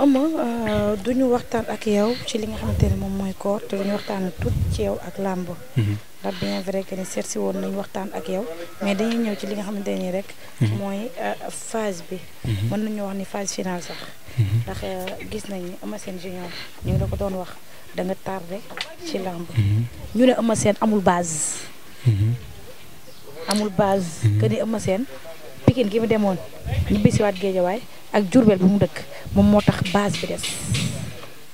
Euh, du ñu waxtaan ak yow ci li nga xamante ne moom mooy koor te duñu waxtaan tut ci yow ak làmb mhm. ndax bien vrai que ni seet woon nañu waxtaan ak yow mais dañuy ñëw ci li nga xamante nii rek mhm. mooy euh, phase bi mhm. mën nañu wax ni phase finale sax ndax euh, gis nañu Eumeu Sène junior ñu ngi la ko doon wax da nga tardé ci làmb ñu ne Eumeu Sène amul base amul base que ni Eumeu Pikine gi mu demoon ñu bisiwaat géejawaay ak Jurbel bu mu dëkk moom moo tax base bi des.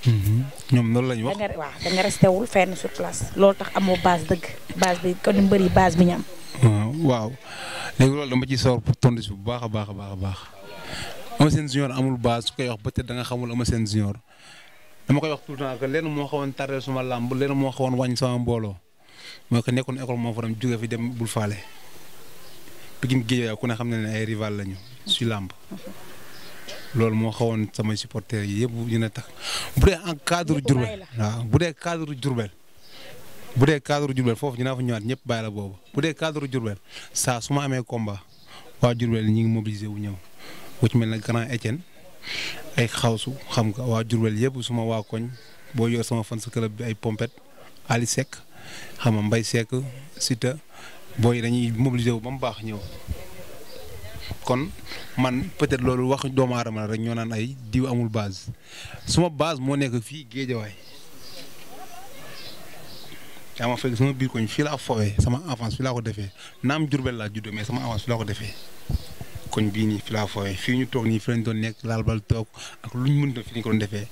Mhm. ñoom loolu la ñu wax da nga waaw da nga fenn sur place loolu tax amoo base dëgg base bi kon mbër yi base bi ñu waaw léegi loolu dama ciy sawar pour tontu si bu baax a baax a baax a baax ama seen junior amul base su koy wax peut da nga xamul ama seen junior dama koy wax tout le temps que lenn moo xawoon tardé suma làmb lenn moo xawoon wàññi sama mbooloo moo que nekkoon école moo fa dem jóge fi dem bul faale. Pikine Guédiawaye xam na ne ay rival lañu si làmb loolu moo xawoon samay supporters yëpp ñu ne tax bu dee en cadre Diourbel bu dee cadre Diourbel bu dee cadre Diourbel foofu dinaa fa ñëwaat ñëpp bàyyi boobu bu dee cadre Diourbel saa su ma amee komba waa Diourbel ñi ngi mobilisé wu ñëw ku ci mel ne grand Étienne ay xawsu xam nga waa Diourbel yëpp suma waa koñ boo yor sama fan sa club bi ay pompet Ali Seck xam nga Mbaye Seck Sita booy dañuy mobiliser wu ba mu baax ñëw kon man peut-être loolu wax doomu aadama la rek ñoo naan ay diw amul baas suma baas moo nekk fii géejawaay yaa ma fekk sama biir koñ fii laa fowee sama enfance fii laa ko defee naam Jurbel laa juddoo mais sama enfance fii laa ko defee koñ bii nii fii laa fowee fii ñu toog nii fii lañ doon nekk laal bal toog ak luñ mënta fi ñu ko doon defee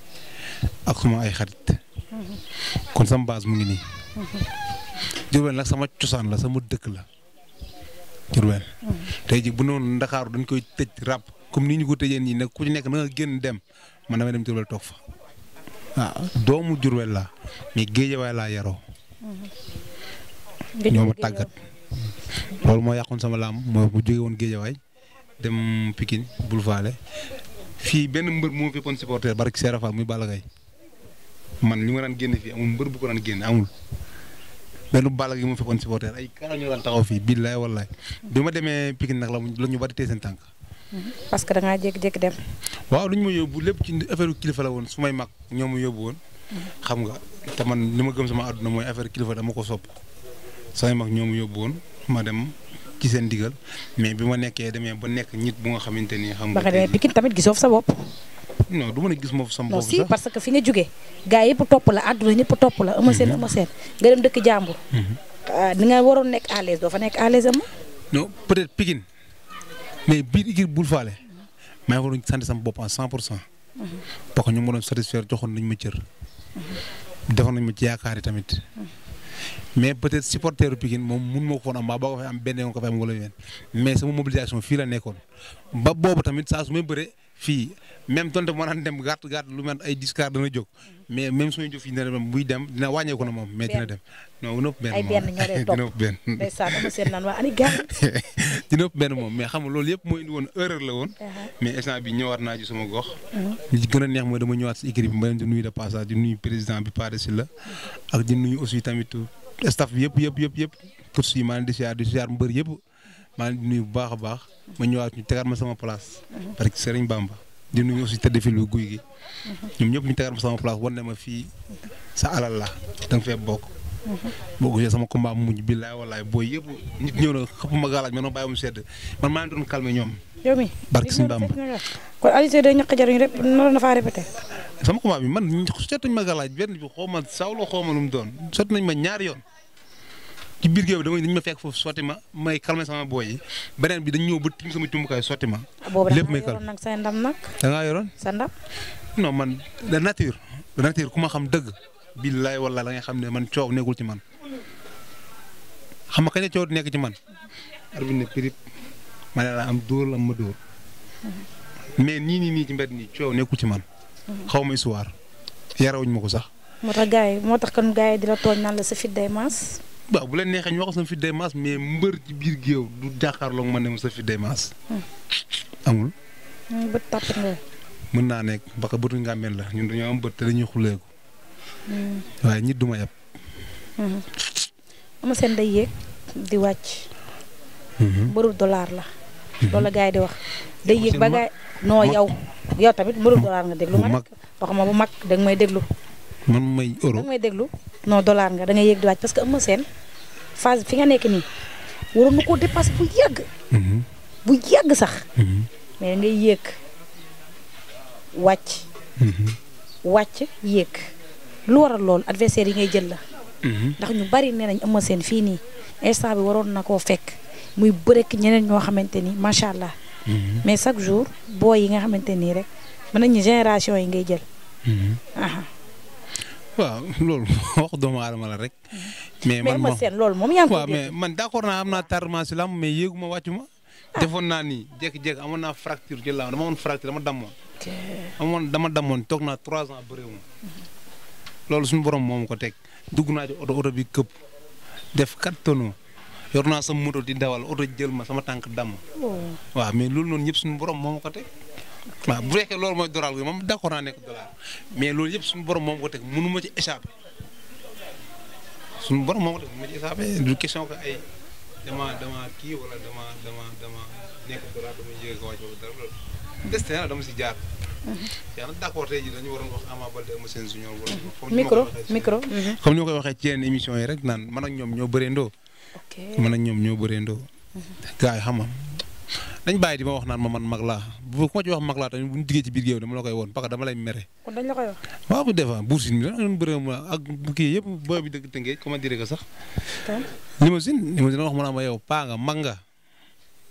ak suma ay xarit mm-hmm. kon sama base mu ngi nii. Mm-hmm. Diourbel nag sama cosaan la sama dëkk la Diourbel. tey ji bu noonu Ndakaaru dañ koy tëj ràpp comme ni ñu ko tëjee nii nag ku ci nekk na nga génn dem man damay dem Diourbel toog fa waaw ah. doomu Diourbel la mais Géejawaay laa yaroo. ñoo ma tàggat. loolu moo yàqoon sama laam mooy mu jóge woon Géejawaay dem pikin bul faale fii benn mbër moo fi kon supporter barki Serapha muy Balla Gaye man li ma naan génn fii amul mbër bu ko daan génn amul. benn Balla gi mu fekkoon supporter ay kara ñu daan taxaw fii billaay wallaay bi ma demee Pikine nag la la ñu bari tee seen tànk. Mm-hmm. parce que da ngaa jékki-jékki dem. waaw lu ñu ma yóbbu lépp ci affaire kilifa la woon su may mag ñoo ma yóbbu woon. Mm-hmm. xam nga te man li ma gëm sama àdduna mooy affaire kilifa dama ko sopp samay mag ñoo ma yóbbu woon ma dem ci seen digal mais bi ma nekkee demee ba nekk nit bu nga xamante nii xam nga ba nga demee Pikine tamit gisoo fa sa bopp. non du ma ne gis ma sama bopp si parce que fi nga jógee gars yëpp topp la àdduna ñëpp topp la ama seen mhm. nga dem dëkk jàmbur mhm. ah, ni nga waroon nekk à l'aise doo fa nekk à l'aise ama non peut-être Pikine mais biir igir bul faale maa ngi waroon sant sama bopp pour cent mhm. parce que ñu ma doon satisfaire ma cër defoon nañ ma ci yaakaar yi tamit mais peut-être supporteru Pikine moom mun ma ko foon am ba boo ko am benn yoon ko fay am wala yeneen mais sama mobilisation fii la nekkoon ba boobu tamit saa su bëree fii même tontu moo naan dem gàtt gàtt lu mel ay discar dana jóg mais même suñu jëf yi dina dem buy dem dina wàññeeku na moom. mais dina dem non dina ëpp benn moom ay benn moom mais xam nga loolu yëpp mooy indi woon erreur la woon. Uh-huh. mais instant bi ñëwaat naa ci suma gox. Uh-huh. li ci gën a neex mooy dama ñëwaat si équipe bi ma di nuyu de passage di nuyu président bi si la ak di nuyu aussi tamit staff yëpp yëpp yëpp yëpp course maa ngi di siyaar di siyaar yëpp maa ngi di nuyu bu baax a baax ma ñëwaat ñu tegaat ma sama place parce uh-huh. que Serigne Bamba di nuyu aussi tëdd fi lu guy gi. ñoom ñëpp ñu tegal ma sama place wan ne ma fii sa alal la danga fee bokk. boo ko gisee sama combat mu mujj billaay wallaay booy yëpp nit ñëw na xëpp ma gaalaaj man ma bàyyi mu sedd man maa doon calmé ñoom. yow mii barke suñu kon Alioune Seye day jariñ rek noonu la faa répété. sama combat bi man sotti nañ ma gaalaaj benn bi xaw ma sawlo xaw ma lu mu doon sotti nañ ma ñaari yoon. ci biir géew bi damay dañ ma fekk foofu sotti ma may calmer sama booy yi beneen bi dañ ñëw ba tiim sama tumbukaay sotti ma. Ah, lépp may calmer sa ndam. non man de nature de ku ma xam dëgg billaay wala la nga xam ne man coow nekkul ci man xam nga kañ la coow nekk ci man. arbitre ne ma ne la am dóor la ma dóor mais nii nii nii ci mbedd nii coow ci man. xaw ma histoire yarawuñ ma ko sax. moo tax gars yi moo tax kon gars yi di la tooñ naan la sa fit day maas. waaw bu leen neexee ñu wax sa fi day maas mais mbër ci biir géew du jàkkaarloog ma ne mu sa fi day maas. amul. bët mën naa nekk baka bëtu ngàmmeel la ñu dañoo am bët te dañuy ko hmm. waaye ñit du ma yab. Hmm. ama seen day yéeg di wàcc. Hmm. mbëru dollar la. loolu la gars yi di wax. day yéeg ba gaay noo yow. yow tamit mbëru dollar nga déglu ma rek waxuma bu mag danga may déglu. man may euro da déglu non dollar nga da ngay yéeg di wàcc parce que Eumeu Sène fi nga nekk nii waroon na koo dépassé bu yàgg. Mhm. bu yàgg sax. Mhm. mais da ngay yéeg wàcc. Mhm. wàcc yéeg lu waral loolu adversaire yi ngay jël la. ndax ñu bari nee nañ Eumeu Sène fii nii instant bi waroon na koo fekk muy bërek ñeneen ñoo xamante ni macha allah. mais chaque jour booy yi nga xamante nii rek mën nañu génération yi ngay jël. waaw loolu wax doomu aadama la rek. mais man loolu moom yaa ngi ko mais man d' accord naa am naa tardement si lamb mais yéegu ma wàccu ma. Ah. defoon naa nii jékki-jékki amoon naa fracture ci lamb dama amoon fracture dama dammoon. amoon dama dammoon toog naa trois ans bëreewuma. loolu suñu borom moomu ko teg dugg naa ci oto oto bi këpp def kat tono yor naa sama moto di dawal auto jël ma sama tànk damm. Oh. waaw mais loolu noonu ñëpp suñu borom moomu ko teg. waaw bu fekkee loolu mooy doral gi moom d'accord naa nekk dollar mais loolu yëpp suñu borom moom ko teg mënu ma moom ko teg mënu ma ci du question que ay dama dama kii wala dama dama dama nekk dollar dama yéeg ko si jaar. Mhm. yaa nag d'accord tey jii dañu waroon wax Ama Baldé Eumeu Sène Junior micro micro mhm. koy waxee ci yenn émission yi rek naan man a ñoom ñoo bëree ndoo. ok man ak ñoom ñoo bëree ndoo. Mhm. gars dañ bàyyi di ma wax naan ma man mag laa bu ko ci wax mag laa tamit bu ñu diggee ci biir dama la koy woon parce que dama lay mere. kon dañ la koy wax. waaw bu defa Bour Sine bi da doon ma ak kii yëpp booy bi dëgg tënkee comment dire que sax. wax ma naa ma yow paa nga mag nga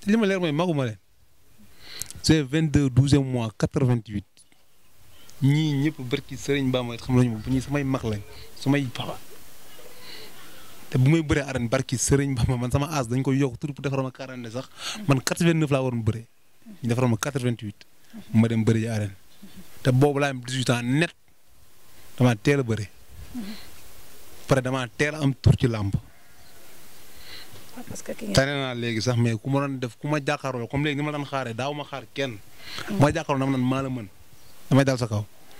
li ma leer mooy maguma leen. c'est vingt deux douzième mois quatre vingt huit ñii ñëpp barki Sëriñ Bamba xam nañu bu ñuy samay mag lañ samay papa. te bu may bëree arène barki sëriñ ba man sama as dañ koy yokk tur bu defaroon ma 40 sax man 89 laa waroon bëree ñu defaroon ma 88 ma dem bëri ji arène te boobu laa am 18 ans damaa teel a bëri pare damaa teel a am tur ci làmb. Ah, parce que ki tane naa léegi sax mais ku ma def ku ma jàkkaarloo comme léegi ni ma daan xaaree daaw ma xaar kenn. Mm. ma jàkkaarloo dama naan maa la mën damay dal sa kaw.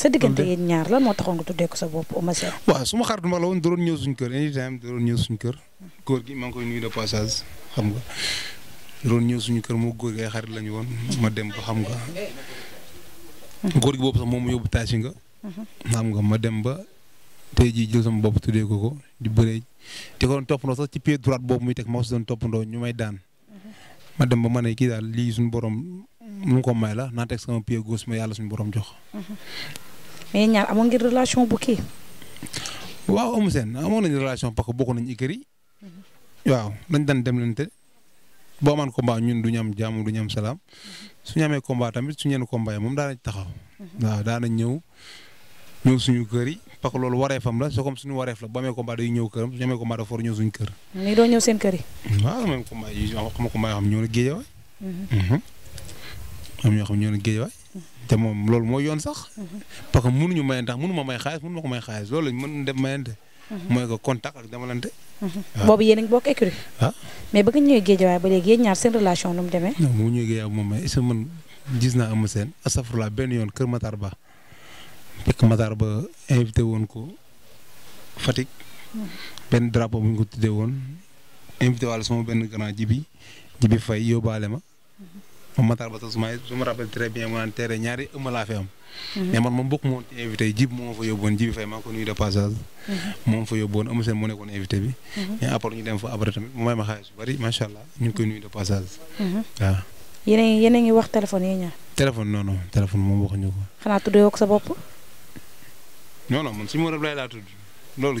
sa diggante yéen ñaar la moo taxoon nga tuddee ko sa bopp Eumeu Sène. waaw suma xarit ma la woon doon ñëw suñu gi maa ngi koy nuyu de xam nga doon ñëw suñu kër moo góor gi ay lañu woon. ma dem ba xam nga. góor gi boobu sax moom mu yóbbu taasi nga. xam nga ma dem ba tey jii jël sama bopp tuddee ko ko di bëree di ko doon toppandoo ci pied droite boobu muy teg ma si toppandoo ñu may daan. ma dem ba ma ne kii daal lii suñu borom mu ko may la naa teg sama pied gauche ma yàlla suñ borom jox. mais ñaar amoon ngir relation bu kii. waaw Eumeu Sène amoon nañu relation parce que bokk nañu écurie yi. waaw dañ daan demlante boo amaan combat ñun du ñu am jàmm du ñu am salaam su ñu amee tamit su ñu yenn combat moom daan taxaw. waaw daan nañ ñëw kër yi parce que loolu wareefam la c'est suñu wareef la boo amee combat day ñëw këram su ñu amee combat dafa war ñëw suñu kër. nii doo ñëw seen kër waaw même combat xam nga ñoo na géejawaay. am na géejawaay mhm. Mhm. te loolu mooy yoon sax. parce que mënuñu may ndax ma may xaalis mënu ma ko may xaalis loolu lañ mën def mayante. mooy ko contact ak demalante. Mhm. boobu yéen a ngi bokk écurie. ah mais ba nga ñëwee géejawaay ba léegi yéen ñaar seen yoon Kër Matar Ba Ba invité woon ko Fatick. benn drapeau bu ñu ko tuddee woon invité waale sama benn grand jibi jibi fay yóbbaale ma. am Matar ba sax su ma je me rappelle très bien mu naan teere ñaari ëmb laa fi am. Mhm. mais man moom bokk ma woon ci invité jib moo fa yóbbuwoon jibi fay maa ngi ko nuyu de passage. Mhm. moom fa yóbbuwoon am seen moo nekkoon invité bi. Mhm. mais après ñu dem fa après tamit may ma xaalis su bari macha allah ñu koy nuyu de passage. waaw. yéen a ngi a wax téléphone yéen ñaar. téléphone non non téléphone moom waxuñu ko. xanaa tuddee ko sa bopp. non man su ma rëb laa tudd loolu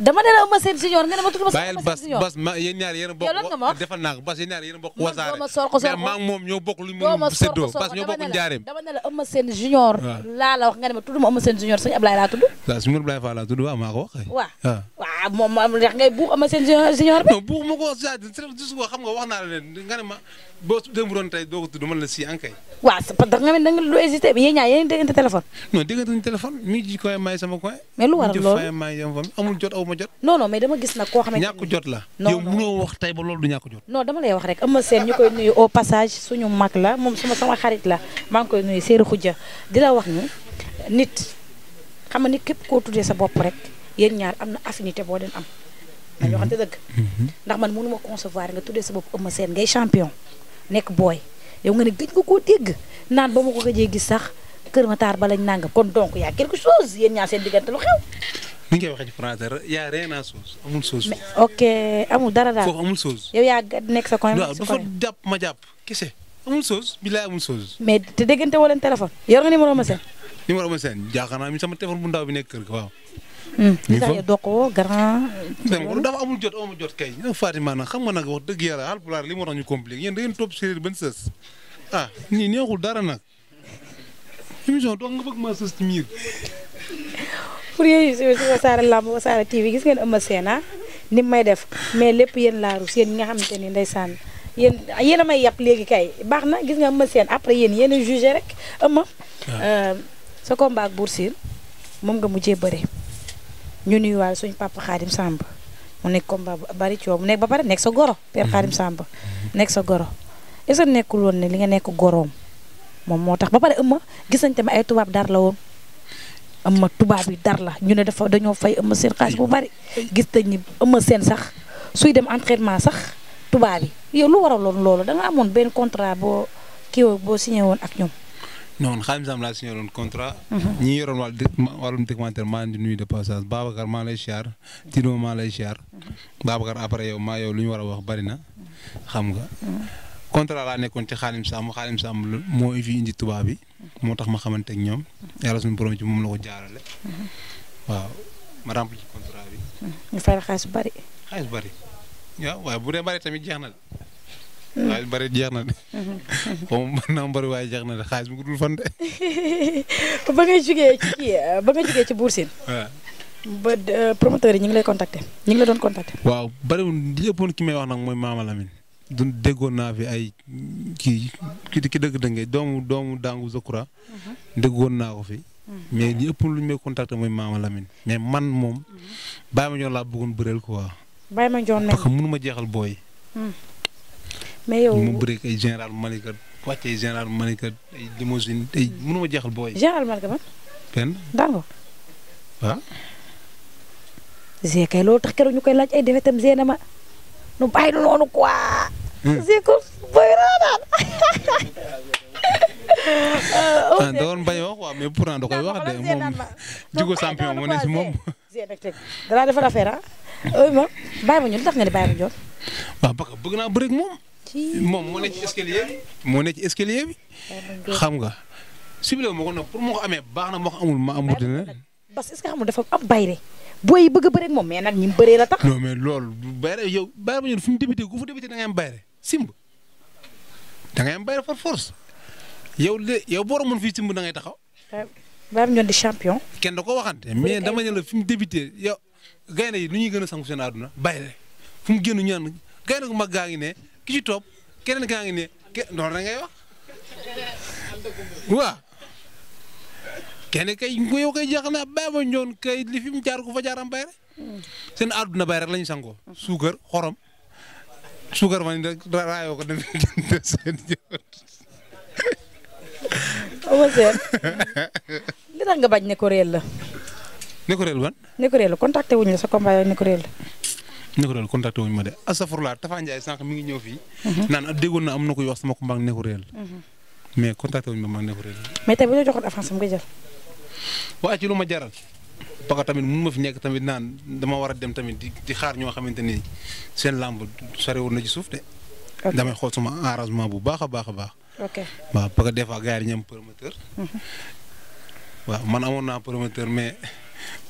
dama ne la Eumeu Sène Junior nga ne ma tudd ma Eumeu Sène Junior bas bas ma yéen ñaar yéen a bokk defal naa ko bas yéen ñaar yéen a bokk wasaare mais maa ngi moom ñoo bokk lu mu séddoo bas ñoo bokk njaareem dama ne la Eumeu Sène Junior laa la wax nga ne ma tudd ma Eumeu Sène Junior sëñ Ablaye laa tudd waaw sëñ Ablaye Fall laa tudd waaw maa ko wax waaw ah moom moom ndax ngay buux ama seen junior non ko xam nga wax naa la ne nga ne ma boo démb doon tey doo ko tudd mën la si ankay waaw parce que da nga da nga lu hésité bi yéen ñaar yéen déggante téléphone non déggante ñu téléphone may mais lu waral loolu may dama gis nag koo xam ne ñàkk jot la yow mënoo wax tey ba loolu du ñàkk jot non dama lay wax rek ama seen ñu koy nuyu au passage suñu mag la moom suma sama xarit la maa ngi koy nuyu Seydou Khoudia di la wax ni nit xam nga nit képp koo tuddee sa bopp rek yéen ñaar am na affinité boo leen am. dañoo mhm. xam te dëgg. Mhm. ndax man mënu ma concevoir nga tuddee sa bopp Eumeu Sène ngay champion nekk booy yow nga ne koo dégg naan ba ma ko gëjee gis sax Kër Matar ba a quelque chose yéen ñaar seen diggante lu xew. ni ngay waxee ci français y' a rien à chose dara daal foofu amul yaa nekk sa coin. waaw dafa jàpp ma jàpp kese amul chose bilaay amul chose. mais te déggante woo leen téléphone. yor nga numéro Eumeu Sène. numéro Eumeu Sène jaaxal mi sama téléphone bu ndaw bi nekk kër ga waaw. Hmm. Isaac Doko grand. dafa amul jot amul jot kay Fatima nag xam nga nag wax dëgg yàlla alpulaar li moo tax ñu compliqué yéen da ngeen topp séeréer ah, neexul dara nag émission dox nga bëgg maa sës ci miir. pour yéen si Wassare Lamb Wassare TV gis ngeen Eumeu Sène ah, ni may def mais lépp yéen laaru seen ñi nga xamante ni ndeysaan yéen yéen a may yàpp léegi kay baax na gis nga Eumeu Sène après yéen yéen a rek Eumeu. Ah. Euh, sa combat ak Bour Sine moom nga mujjee bëre. ñu nuyuwaale suñu papa Xaadim Samb mu nekk combat bu bari coow mu nekk ba pare nekk sa goro. père Xaadim mhm. Samb mhm. nekk sa goro. est ce que nekkul woon ne li nga nekk goroom moom moo tax ba pare ëmma gis nañ tamit ay tubaab dar la woon ëmma tubaab yi dar la ñu ne dafa dañoo fay ëmma seen xaalis bu bari gis nañ ni ëmma seen sax suy dem entraînement sax tubaab yi yow lu waraloon loolu da nga amoon benn contrat boo kii boo signé woon ak ñoom. non xaalis am laa signé woon contrat. ñi yoroon wàllu dé wàllum documentaire maa ngi nuyu de passage Babacar maa lay siyaar Tino maa lay siyaar Babacar après yow maa yow lu ñu war wax bari na xam nga. contrat laa nekkoon ci Xaalim Samb Xaalim Samb moo fi indi tubaab bi moo tax ma xamante ak ñoom yàlla suñu borom ci moom la jaarale. waaw ma rempli ci contrat bi. ñu fayal xaalis bari. xaalis waaye bu dee bari tamit jeex na la. xaalis bari jeex na de. xaw ma mën naa mbari waaye jeex na de fan de. ba nga jugee ci ba nga jugee euh, promoteur yi ñu ngi lay contacter ñu ngi la doon contacter. waaw bariwul li ëppoon ki may wax nag mooy Maama Lamine. du déggoon naa fi ay kii ki ki dëgg dëgg doomu doomu Dangu Zakura. Mhm. déggoon naa ko fi. Mhm. mais li ëpp lu ñu may contacter mooy Maama Lamine. mais man moom. Mhm. Baye Mandione laa bëggoon bëreel quoi. Baye Mandione parce que mënu ma jeexal booy. Hmm. mais yow mu bëri ay général Malika wàcc ay général Malika ay limousine ay mënuma jeexal booy. général Malika man. benn Dango. waaw. Zé tax keroog ñu koy laaj ay defetam Zé ma nu bàyyi noonu quoi. Zé ko booy raadaan. ah da doon bañ a wax waaw mais pourtant da koy wax de moom Djigo champion moo ne si moom. Zé defar affaire ah. ma bàyyi ma ñun nga ne bàyyi ma ñun. waaw parce bëgg naa bëri moom. moom moo ne ci escalier bi moo ne ci escalier bi xam nga ciblé wu ma ko nag pour moo ko amee baax na moo ko amul ma amul dina. parce que est-ce que xam nga dafa am bayre booy yi bëgg a bëri moom mais nag ñi mu bëree la tax. non mais loolu bayre yow bayre ba ñun fu mu débuté ku fa débuté da ngay am bayre simb da ngay am bayre par force yow de yow borom mën fii simb da ngay taxaw. Euh, baam ñoon di champion. kenn da ko waxante mais dama ne la fi mu débuté yow gaynde yi lu ñuy gën a sangu seen àdduna bayre fu mu génn ñu naan gaynde gu mag gaa ngi ne. ki ci topp keneen kaa ngi ne ke noonu la ngay wax waaw kenn kay yow kay jeex na Baye Mandione kay li fi mu jaar ku fa jaaram bay rek seen àdduna bay rek lañu sangoo suukar xorom suukar man rek raayoo ko demee jënd seen li tax nga bañ ne reel la. ne ko réel ban. ne ko la contacté wuñu la sa combat ne ko Nekkureel contacté wuñ ma de asafurlaa Tafa Ndiaye sànq mi ngi ñëw fii. Mhm. naan am na ko wax sama combat Nekkureel. Mhm. mais contacté wuñ ma ma Nekkureel. mais tey bu ñu joxoon avance am nekk tamit naan dama war a dem tamit di xaar ñoo xamante ni seen làmb soriwul na ci suuf de. damay xool sama arrangement bu baax a baax a baax. ok waaw parce que des fois gars yi dañuy am promoteur. Mhm. waaw man amoon naa promoteur mais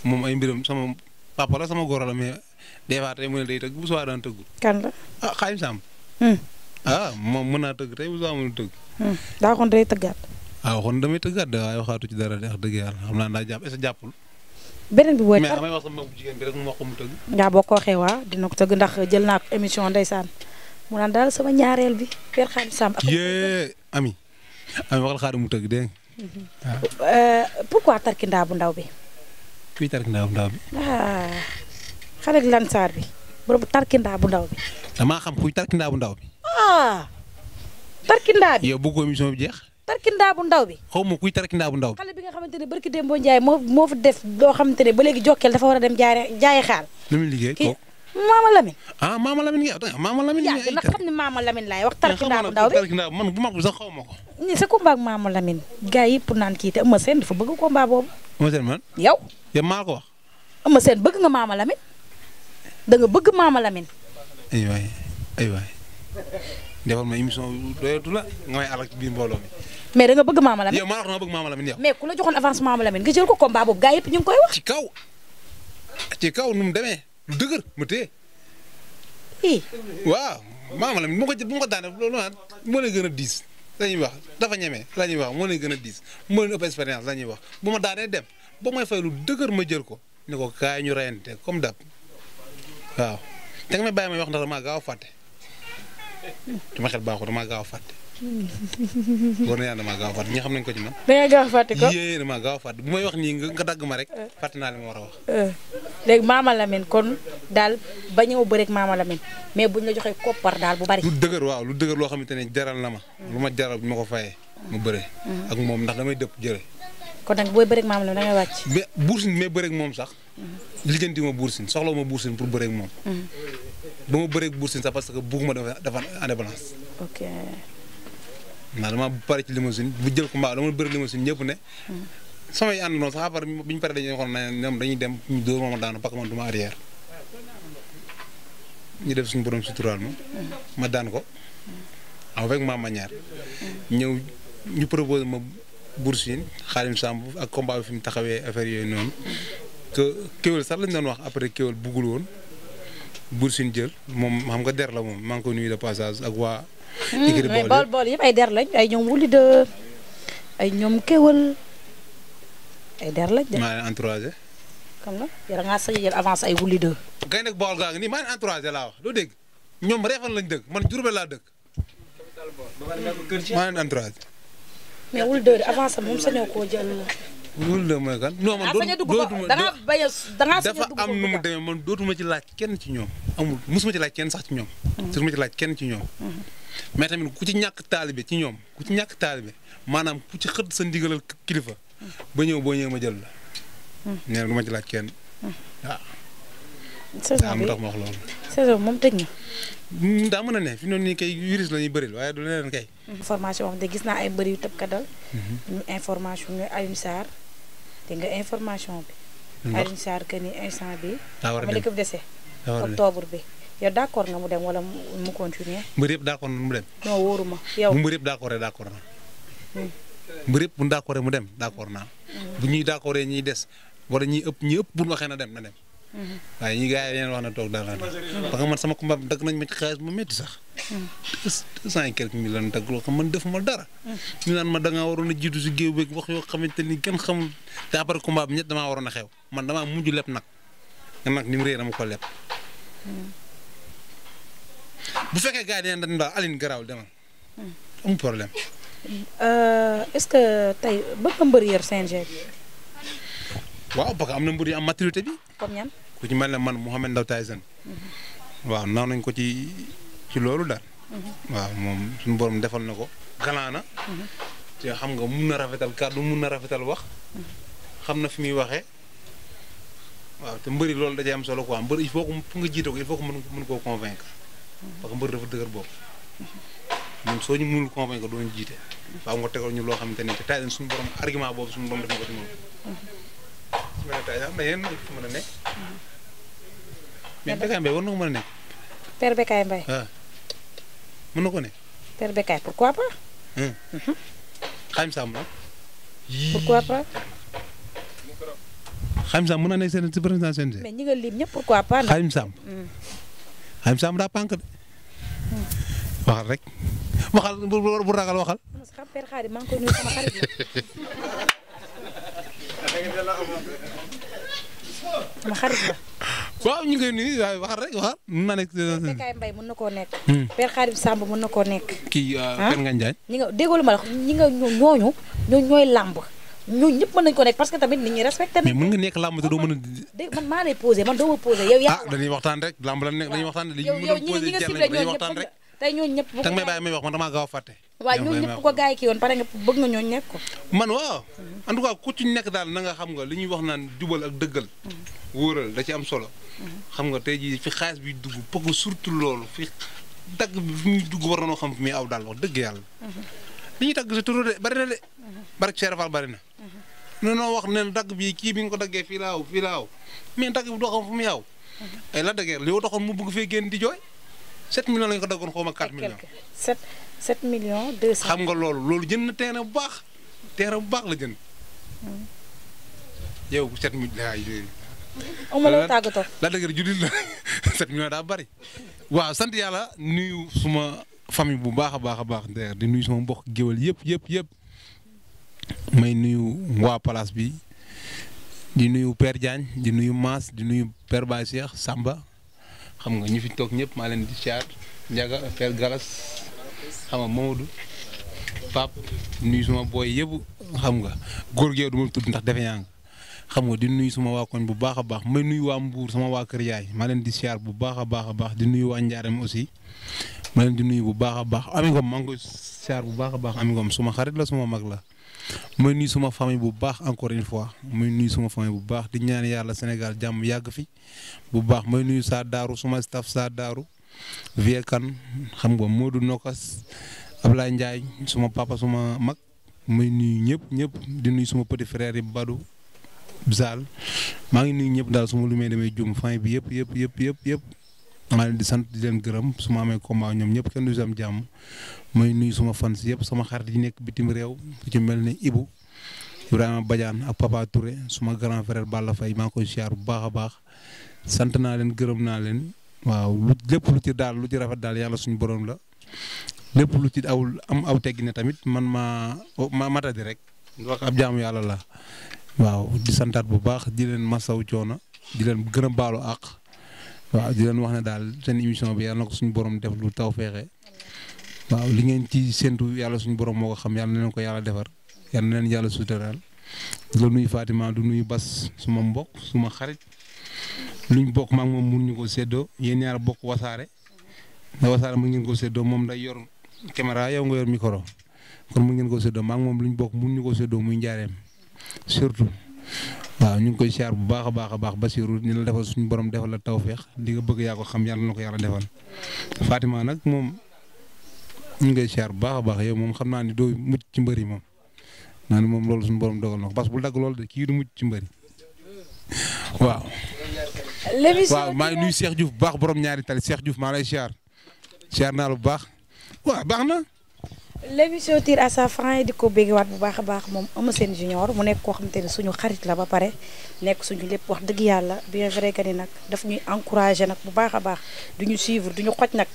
moom ay mbiram sama papa la sama góor la mais. des fois tey mu ne day tëgg bu soobee daan tëggul. kan la ah Xaadim Samb. Hmm. ah moom mën naa tëgg tey bu soobee mënul tëgg. Hmm. daa kon day tëggaat. Ah, waaw kon damay tëggaat de waaye waxaatu ci dara de dëgg yàlla xam naa daa jàpp est jàppul. beneen bi booy tar mais damay wax jigéen bi rek mu wax ko mu tëgg. ngaa boo ko waxee waa dina ko tëgg ndax jël naa ko émission saan mu naan daal sama ñaareel bi Père Xaadim Samb. yee ami ami waxal Xaadim mu tëgg dégg nga. Euh, pourquoi tarkindaa bu ndaw bi. kuy tarkindaa bu xale ak lansaar bi borobu tarkindaa bu ndaw bi. damaa xam kuy tarkindaa bu ndaw bi. ah tarkindaa bi. yow bëggoo émission bi jeex. tarkindaa bu ndaw bi. xaw ma kuy tarkindaa bu ndaw bi. xale bi nga xamante ne barki Demba Ndiaye moo moo fa def loo xamante ne ba léegi jokkeel dafa war a dem jaay jaay xaal. lu muy liggéey kooku maama Lamine. ah maama Lamine nga wax ah, maama Lamine. yaa ngi xam ne maama Lamine laay wax. tarkindaa bu ndaw bi tarkindaa man bu mag bi sax xaw ma ko. ni sa combat ak maama Lamine. gars yi naan kii te Eumeu Sène dafa bëgg combat boobu. Eumeu Sène man yow. yow maa ko wax. Eumeu Sène bëgg nga maama Lamine da nga bëgg Maama Lamine. ay waay ay waay defal ma émission doyatu la nga may alak biir mbooloo mi. mais da nga bëgg Maama Lamine yow maa wax nga bëgg Maama Lamine yow. mais ku la joxoon avance Maama Lamine nga jël ko combat boobu gaa yëpp ñu ngi koy wax. ci kaw ci kaw nu mu demee lu dëgër mu téye. waaw Maama Lamine bu ma ko bu ma ko daanee loolu naan moo lay gën a diis la ñuy wax dafa ñeme la ñuy wax moo lay gën a diis moo leen ëpp expérience la ñuy wax bu ma daanee dem ba may fay lu dëgër ma jël ko ne ko kaay ñu reyante comme dab waaw te nga may bàyyi may wax ndax damaa gaaw a fàtte dama xel baaxul damaa gaaw a fàtte. war na yàlla damaa a fàtte xam nañ ko ci man. da a fàtte ko a nga dagg ma rek. fàtte naa li ma war a wax. Euh. léegi Mama Lamine kon daal ba ñëw ba rek Mama Lamine mais buñ la joxee koppar daal bu waaw lu dëgër loo xamante ne jaral na ma. ma jaral bu ma ko fayee. mu bëre. ak moom ndax damay dëpp jëre. kon nag wàcc. buur si mais bëreeg moom sax lijjanti ma Bour Sine soxla ma Bour Sine pour bëreeg moom. Mm-hmm. ba ma bëreeg Bour sax parce que bugguma dafa dafa année balance. ok. maa dama pare ci limousine bu jël ko mbaa dama bëri limousine ñëpp ne. Mm-hmm. samay àndandoo sax à part bi ñu paree dañuy dem ñu dóor moom daanu parce ma arrière. ñu def suñu borom suturaal ma. Mm-hmm. daan ko. avec ma manière. ñëw ñu proposé ma Bour Sine Xaalim Samb ak combat bi mu taxawee affaire yooyu noonu. que kéwél sax lañ doon wax après kéwél buggul woon Bour jël moom xam nga der la moom maa ngi ko nuyu de passage ak waa. écurie Baol Baol Baol yëpp ay der lañ ay ñoom wuli de ay ñoom kéwél ay der lañ. maa leen xam nga yàlla ngaa sañ jël ay wuli de. gay nag Baol gaa ngi nii wax loo dégg ñoom reefan lañ dëkk man Diourbel laa dëkk. maa mais wuli de avance moom sañoo koo jël. wóolu la mooy kan. non man dootuma dafa am nu mu demee man dootuma ci laaj kenn ci ñoom. amul mosuma ci laaj sax ci ñoom. mosuma mm-hmm. ci laaj kenn ci ñoom. Mm-hmm. mais ku ci ñàkk taalibe ci ñoom ku ci ñàkk taalibe maanaam ku ci xëdd sa ndigalal kilifa. Mm-hmm. ba ñëw boo ñëwee ma jël la. nee na du ma ci laaj kenn waaw. saison daa ma tax ma wax loolu. saison na. Mm, a ne fi noonu nii kay virus la ñuy waaye du leneen kay. information wax de gis naa ay mbër yu tëb ka dal. information ñooy Alioune Sarr. te nga information bi. Alioune Sarr que ni instant bi daa war a dem dese. octobre bi. yow d' accord nga mu dem wala mu continuer. mbir yëpp d' accord na mu dem. non wóoruma yow mbir yëpp d' accord d' accord na. Hmm. mbir yëpp bu ñu mu dem d' accord naa. Hmm. bu ñuy d' accord ñuy des wala ñuy ëpp ñu ëpp bu waxee na dem na dem. Mm-hmm. waaye ñi gars yi leen wax na toog daal ba nga man sama combat dagg nañ ma ci xaalis bu métti sax. Mm-hmm. deux cent et quelques mille lan dagg loo xam man def ma dara. Mm-hmm. ñu naan ma da waroon a jiitu si géew wax yoo xamante ni kenn xamul te après combat damaa waroon a xew man damaa mujj lepp nag nga nag ni mu réer dama ko lepp. bu fekkee gars yi dañ dañ daal Aline Garaw demal. amul problème. Euh, est-ce que tey ba ka mbër yër CNG bi. waaw parce am na mbër yu am maturité bi. ku ci mel ne man Mouhamed Ndao Tyson mm-hmm. waaw naaw nañ ko ci ci loolu daal. Mm-hmm. waaw moom suñu borom defal na ko xanaa na. Mm-hmm. xam nga mun na rafetal kàddu mun na rafetal wax. xam na fi muy waxee waaw te mbëri am solo quoi mbër il faut que fu nga jiite ko il faut que mën koo convaincre parce que mbër dafa dëgër bopp ñun soo ñu mënul convaincre doo ñu jiite. waaw nga tegal ñu loo xamante ne te Tyson suñu borom argument boobu suñu borom def na ko ci moom. su ma nee Tyson am na yenn fu mën a mais Bécaye Mbaye war na ko mën a nekk. père Bécaye Mbaye. waaw ah. mën na ko nekk. père Bécaye pourquoi pas. Hmm. Mhm. Xadim Samb nag. pourquoi pas. Xadim Samb mën naa nekk seen si président CNG. mais ñi nga lim ñëpp pourquoi pas. Xadim Samb. Hmm. Xadim Samb daa pànk de. Hmm. waxal rek waxal bu bu ragal waxal. xam père Xadim maa ngi koy nuyu sama xarit la. sama xarit la. waaw ñu ngi koy nuyu waaye waxal rek waxal. ma nekk koo nekk. Hmm. Père Khadim Samb mën na koo nekk. kii euh, ah? Père Ngagne Ndiaye. ñi nga déglu ma la ñi nga ñooñu ñooñu ñooy làmb ñooñu nekk parce que tamit nit ñi respecté nañu. mais a. dégg man maa lay posé man doo ma posé yow yaa. ah dañuy nga ciblé ñooñu ñëpp tey ñooñu ñëpp. a daal na xam nga li wax naan jubal ak dëggal. Hmm. wóoral da am solo xam nga tey jii fi xaalis bi dugg poko surtout loolu fi dagg bi fi muy dugg war na noo xam fi muy aw daal wax dëgg yàlla. li ñuy dagg sa turu de bari na de. bari Cheikh Fall bari na. non wax ne dagg bi kii bi nga ko daggee fii laaw fii laaw dagg bi doo xam fu la daggee li woo mu bëgg fee génn di jooy. 7 millions lañ ko daggoon xaw ma 4 millions. 7 7 millions 200. xam nga loolu loolu jënd na terrain bu baax terrain bu baax la jënd. Mm. yow 7 millions. amuma loo tàggatoo. jullit la sept millions daa bari. waaw sant yàlla nuyu suma famille bu baax a baax a baax di nuyu suma mbokk géwél yëpp yëpp yëpp. may nuyu waa palaas bi di nuyu Père Diagne di nuyu Maas di nuyu Père Baye Cheikh Samba xam nga ñu fi toog ñëpp maa leen di caar Ndiaga Père Galas xam nga Mamadou Pape nuyu suma booy yëpp xam nga góor gi du ma tudd ndax defe naa nga xam nga di nuyu suma waa koñ bu baax a baax may nuyu waa Mbour sama waa kër yaay maa leen di siyaar bu baax a baax a baax di nuyu waa Njaaram aussi ma leen di nuyu bu baax a baax amingom maa ngi koy siyaar bu baax a baax amingom suma xarit la suma mag la may nuyu suma famille bu baax encore fois may nuyu suma famille bu baax di ñaan yàlla Sénégal jàmm yàgg fi bu baax may nuyu saa daaru suma staff saa vie kan xam nga Modou Nokas Ablaye Ndiaye suma papa suma mag may nuyu ñëpp ñëpp di nuy suma petit frère yi Bisaal maa ngi nuyu ñëpp daal su ma lumee damay jum fan bi yëpp yëpp yëpp yëpp yëpp maa leen di sant di leen gërëm su ma amee combat ñoom ñëpp kenn du si am jàmm may nuyu suma fans yëpp sama xarit yi nekk bitim réew ku ci mel ne Ibou Ibrahima Badiane ak Papa Touré suma grand frère Balla fay maa ngi koy siyaar bu baax a baax sant naa leen gërëm naa leen waaw lu lépp lu ci daal lu ci rafet daal yàlla suñu boroom la lépp lu ci awul am aw teggi ne tamit man maa matadi rek wax ab jaamu yàlla la waaw di santaat bu baax di leen masaw coono di leen gën a baalo àq waaw di leen wax ne daal seen émission bi yàlla na ko suñu borom def lu taw feexe waaw li ngeen ci séntu yàlla suñu borom moo ko xam yàlla na ko yàlla defar yàlla na leen yàlla suturaal di la nuyu Fatima du nuyu Bas suma mbokk suma xarit luñ bokk maak moom ñu ko seddoo yéen ñaar bokk wasaare da mu ngeen ko séddoo moom day yor caméra yow nga yor micro kon mu ngeen ko séddoo maak moom luñ bokk mënuñu ko séddoo muy njaareem. surtout waaw ñu ngi koy siyaar bu baax a baax a baax ba Basiru ñu la defal suñu borom defal la taw tawféex li nga bëgg yaa ko xam yàlla na ko yàlla defal Fatima nag moom ñu koy siyaar bu baax a baax yow moom xam naa ne doo mucc ci mbëri moom naa moom loolu suñu borom dogal na ko parce que bu dagg lool de kii du mucc ci mbëri waaw. waaw maa ngi nuyu Cheikh Diouf bu baax borom ñaari tali seex Diouf maa lay siyaar siyaar naa la bu baax waaw baax na. l'émission tire à sa fin di ko béggewaat bu baax a baax moom Eumeu Sène junior mu nekk koo xamante ne suñu xarit la ba pare nekk suñu lépp wax dëgg yàlla bien vrai que ni nag daf ñuy encouragé nag bu baax a baax du ñu suivre du ñu xoj nag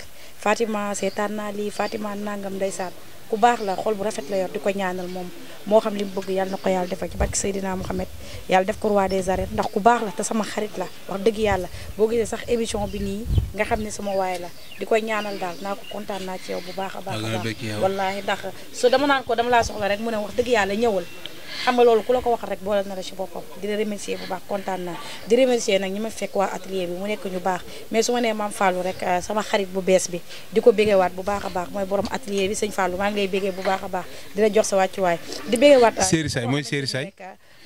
Fatima seetaan naa lii Fatima nangam ndeysaan ku baax la xol bu rafet la yor di ko ñaanal moom moo xam li mu bëgg yàlla na ko yàlla defal ci barke Seydina Mohamed yàlla def ko roi des arènes ndax ku baax la te sama xarit la wax dëgg yàlla boo gisee sax émission bi nii nga xam ne sama waay la di koy ñaanal daal naa ko kontaan naa ci yow bu baax a baax a baax wallaahi ndax so dama naan ko dama laa soxla rek mu ne wax dëgg yàlla ñëwal xam nga loolu ku la ko waxal rek boolal na la ci boppam di la remercier bu baax kontaan naa di remercier nag ñi ma fekk waa atelier bi mu nekk ñu baax mais su ma nee maam Fallou rek euh, sama xarit bu bees bi di ko bégewaat bu baax a baax mooy borom atelier bi sëñ Fallou maa ngi lay bégee bu baax a baax di jox sa wàccuwaay di bégewaat Séri Say mooy Séri Say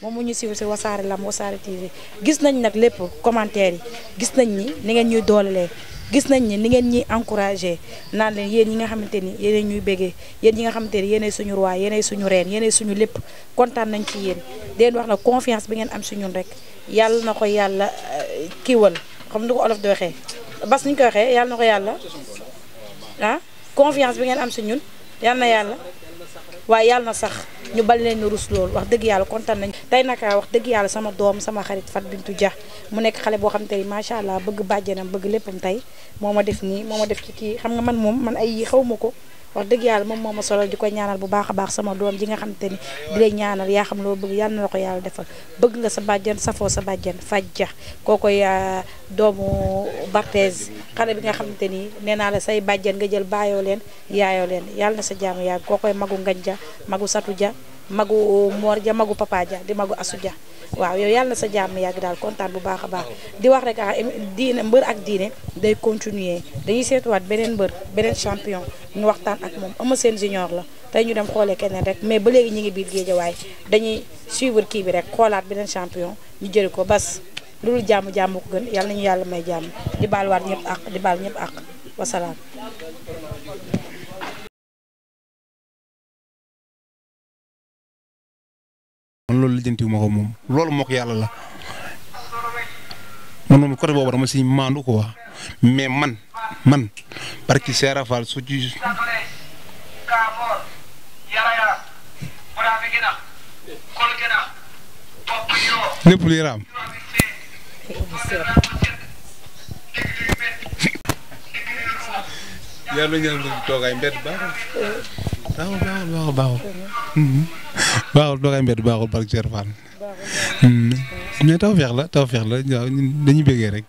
moom mu ñu siiw si wasaare lam wasaare TV gis nañ nag lépp commentaire yi gis nañ ni ni ngeen ñuy doolelee gis nañ ni ni ngeen ñuy encouragé naan leen yéen ñi nga xamante ni yéenay ñuy bégee yéen ñi nga xamante ni yéenay suñu roi yéenay suñu reen yéenay suñu lépp kontaan nañ ci yéen deen wax na confiance bi ngeen am si ñun rek yàlla na ko yàlla eh, kiiwal xam ni ko olof di waxee bas ni ñu ko waxee yàlla na ko yàlla ah confiance bi ngeen am si ñun yàlla na yàlla waaye yàlla na sax ñu bal leen rus loolu wax dëgg yàlla kontaan nañ tey nag wax dëgg yàlla sama doom sama xarit Fat Bintou mu nekk xale boo xam te ni macha allah bëgg bàjjenam bëgg léppam tey moo ma def nii moo ma def ci kii xam nga man moom man ay xaw ma ko wax dëgg yàlla moom moo ma solo di koy ñaanal bu baax a baax sama doom ji nga xam te ni di lay ñaanal yaa xam loo bëgg yal na ko yàlla defal bëgg nga sa bàjjen safoo sa faj bàjjen fajja kookoy euh, doomu Barthez xale bi nga xam te ni nee naa la say bàjjan nga jël bàyyoo leen yaayoo leen yàlla na sa jaamu yàgg kookoy magu ngañ ja magu satu ja magu moor ja magu papa ja di magu asu ja waaw yow yàlla na sa jàmm yàgg daal kontaan bu baax a baax di wax rek ah diine mbër ak diine day continuer dañuy seetuwaat beneen mbër beneen champion ñu waxtaan ak moom Eumeu seen junior la tey ñu dem xoolee keneen rek mais ba léegi ñu ngi biir waaye dañuy suivre kii bi rek xoolaat beneen champion ñu jëri ko bas loolu jàmm jàmm ko gën yàlla nañu yàlla may jàmm di baal waat ñëpp ak di baal ñëpp ak wasalaam man loolu lijjanti ko moom loolu moo ko yàlla la man moom côté boobu dama siy maandu quoi mais man man barki Seera Fall su ci. lépp luy raam. baaxul baaxul baaxul baaxul doxee mbedd baaxul barke Cheikh Fall mais taw feex la taw feex la waaw ñun dañuy rek.